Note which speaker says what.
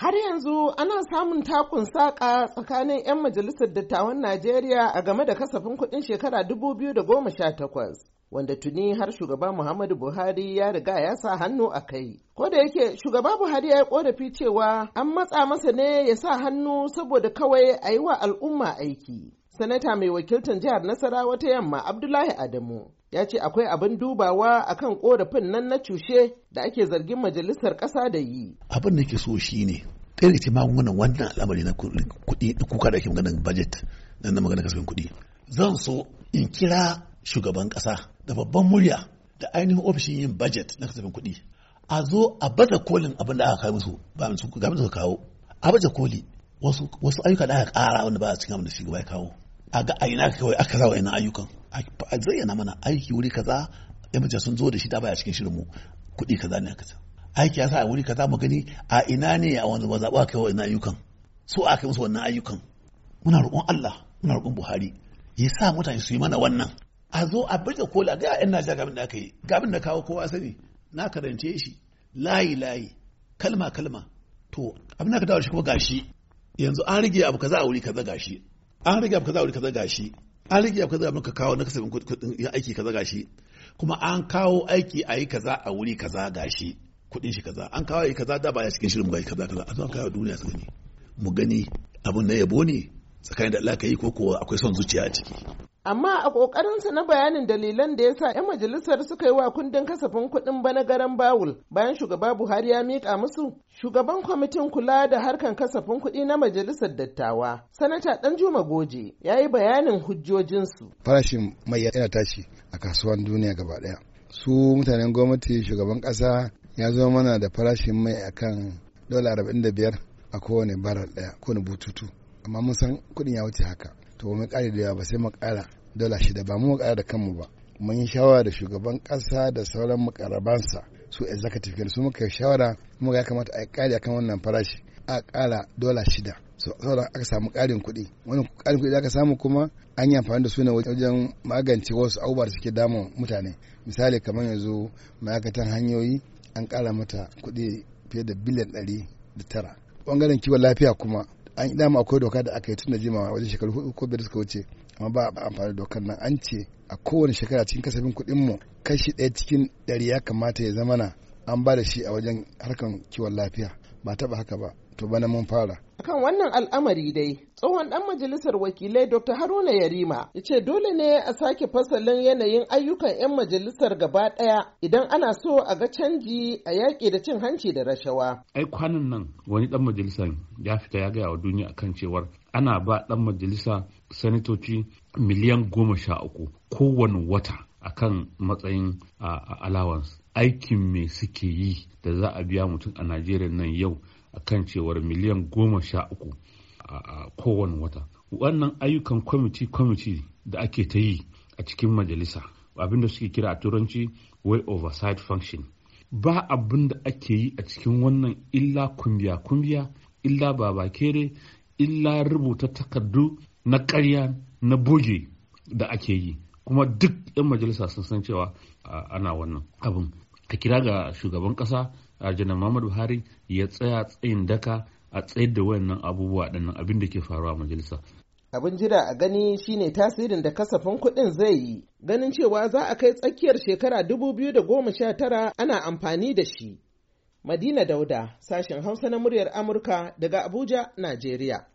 Speaker 1: Har yanzu ana samun takun saƙa tsakanin 'yan majalisar dattawan Najeriya a game da kasafin kuɗin shekara 2018. Wanda tuni har shugaba Muhammadu Buhari ya riga ya sa hannu a kai. Ko da yake shugaba Buhari ya yi korafi cewa an matsa masa ne ya sa hannu saboda kawai a yi wa al'umma aiki. sanata mai wakiltar jihar nasarawa ta yamma abdullahi adamu ya ce akwai abin dubawa akan korafin nan na cushe da ake zargin majalisar ƙasa da yi
Speaker 2: abin da ke so shi ne, ɗaya ce magungunan wannan al'amari na kuɗi kuka da ake maganar budget na na maganin kasafin kuɗi zan so in kira shugaban ƙasa da babban murya da ainihin ofishin yin budget na kasafin kuɗi a zo a baza kolin abin da aka kai musu ba su ga kawo a baza koli wasu ayyuka da aka ƙara wanda ba a cikin abin da shugaba ya kawo a ga aina kawai aka sa yana ayyukan a zayyana mana aiki wuri kaza yan mace sun zo da shi da baya cikin shirin mu kuɗi kaza ne aka aiki ya sa a wuri kaza mu gani a ina ne a wani zaɓa kai wa ina ayyukan so aka kai musu wannan ayyukan muna roƙon Allah muna roƙon Buhari ya sa mutane su yi mana wannan a zo a birka kola ga yan Najeriya gabin da aka yi gabin da kawo kowa sani na karance shi layi layi kalma kalma to abin da ka dawo shi kuma gashi yanzu an rage abu kaza a wuri kaza gashi an rage ka za wuri kaza gashi an rage ka za maka kawo na kasafin ya aiki kaza gashi kuma an kawo aiki a yi kaza a wuri kaza gashi Kudin shi kaza an kawo yi kaza da baya cikin shirin bai kaza kaza a zan kawo duniya su gani mu gani abin na yabo ne tsakanin da Allah ka yi ko kuwa akwai son zuciya a ciki
Speaker 1: amma a ƙoƙarinsa na bayanin dalilan da ya sa 'yan majalisar suka yi wa kundin kasafin kuɗin bana garan bawul bayan shugaba buhari ya miƙa musu shugaban kwamitin kula da harkan kasafin kuɗi na majalisar dattawa sanata ɗanjuma goje ya yi bayanin hujjojinsu
Speaker 3: farashin mai yana tashi a kasuwan duniya gaba ɗaya su mutanen gwamnati shugaban ƙasa ya zo mana da farashin mai akan dola arba'in da biyar a kowane barar ɗaya kowane bututu amma mun san kuɗin ya wuce haka to mun mu da yawa ba sai mu ƙara dala shida ba mu ƙara da kanmu ba mun yi shawara da shugaban ƙasa da sauran mukarabansa su executive kenan su muka shawara kuma ya kamata a ƙari akan wannan farashi a ƙara dola shida so saboda aka samu ƙarin kuɗi wani ƙarin kuɗi da aka samu kuma an yi amfani da su ne wajen magance wasu abubuwa da suke damun mutane misali kamar yanzu ma'aikatan hanyoyi an ƙara mata kuɗi fiye da biliyan ɗari da tara bangaren kiwon lafiya kuma an yi dama akwai doka da aka yi tun da jimawa wajen shekaru hudu ko biyar suka wuce amma ba a amfani da dokar nan an ce a kowane shekara cikin kasafin kuɗin mu kashi ɗaya cikin ɗari ya kamata ya zamana an ba da shi a wajen harkar kiwon lafiya ba taɓa haka ba to bana mun fara
Speaker 1: akan wannan al'amari dai tsohon dan majalisar wakilai dr haruna yarima ya ce dole ne a sake fasalin yanayin ayyukan 'yan majalisar gaba daya idan ana so a ga canji a yaƙi da cin hanci da rashawa
Speaker 4: ai kwanan nan wani dan majalisar ya fita ya gaya wa duniya akan cewar ana ba dan majalisa sanatoci miliyan goma sha uku kowane wata a kan matsayin allowance aikin me suke yi da za a biya mutum a najeriya nan yau a kan cewar miliyan goma sha uku a kowane wata wannan ayyukan kwamiti kwamiti da ake ta yi a cikin majalisa abinda suke kira a turanci way oversight function ba abin da ake yi a cikin wannan illa kumbiya-kumbiya illa babakere illa rubuta takardu na karya na boge da ake yi kuma duk 'yan majalisa sun san cewa ana wannan abin ta kira ga shugaban ƙasa a janar muhammadu buhari ya tsaya tsayin daka a tsayar da wayannan abubuwa ɗannan abin da ke faruwa a majalisa
Speaker 1: abin jira a gani shine tasirin da kasafin kuɗin zai yi ganin cewa za a kai tsakiyar shekara biyu da goma sha tara ana amfani da shi madina dauda sashen hausa na muryar amurka daga abuja najeriya